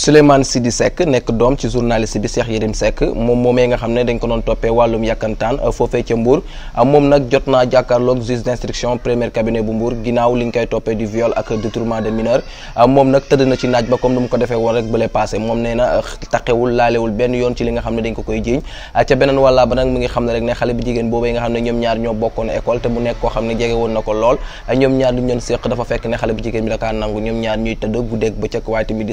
Souleymane Sidi Seck nekk doom ci journaliste bi Cheikh Yérim Seck moom moomee nga xam ne dañ ko doon toppee wàllum yàkkantaan euh, foofee ca Mbour euh, moom nag jot naa jàkkaarloog juge d'instruction premier cabinet bu Mbour ginnaaw euh, li nga xam ne dañ ko koy jiiñ ca beneen wàllaa ba nag mi ngi xam ne rek ne xale bi jigéen boobee nga xam ne ñoom ñaar ñoo bokkoon école te mu nekk koo xam ne jege woon na ko lool ñoom ñoom ñaar ñuy tëdd guddeeg bëccëg waaye tamit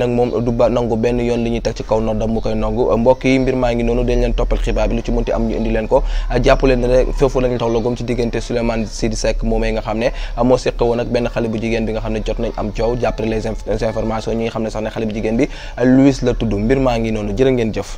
nag moom du ba nangu benn yoon li ñuy teg ci kaw noddam mu koy nangu mbokk yi mbir maa ngi noonu dañ leen toppal xibaar bi lu ci mënti am ñu indi leen ko jàpp leen rek foofu tax logom ci diggante Souleymane Sidi Seck moomee nga xam ne moo séq ak benn xale bu jigéen bi nga xam ne jot nañ am coow jàppale les informations xam ne sax ne xale bu jigéen bi Louis la tudd mbir maa ngi noonu jërë ngeen jëf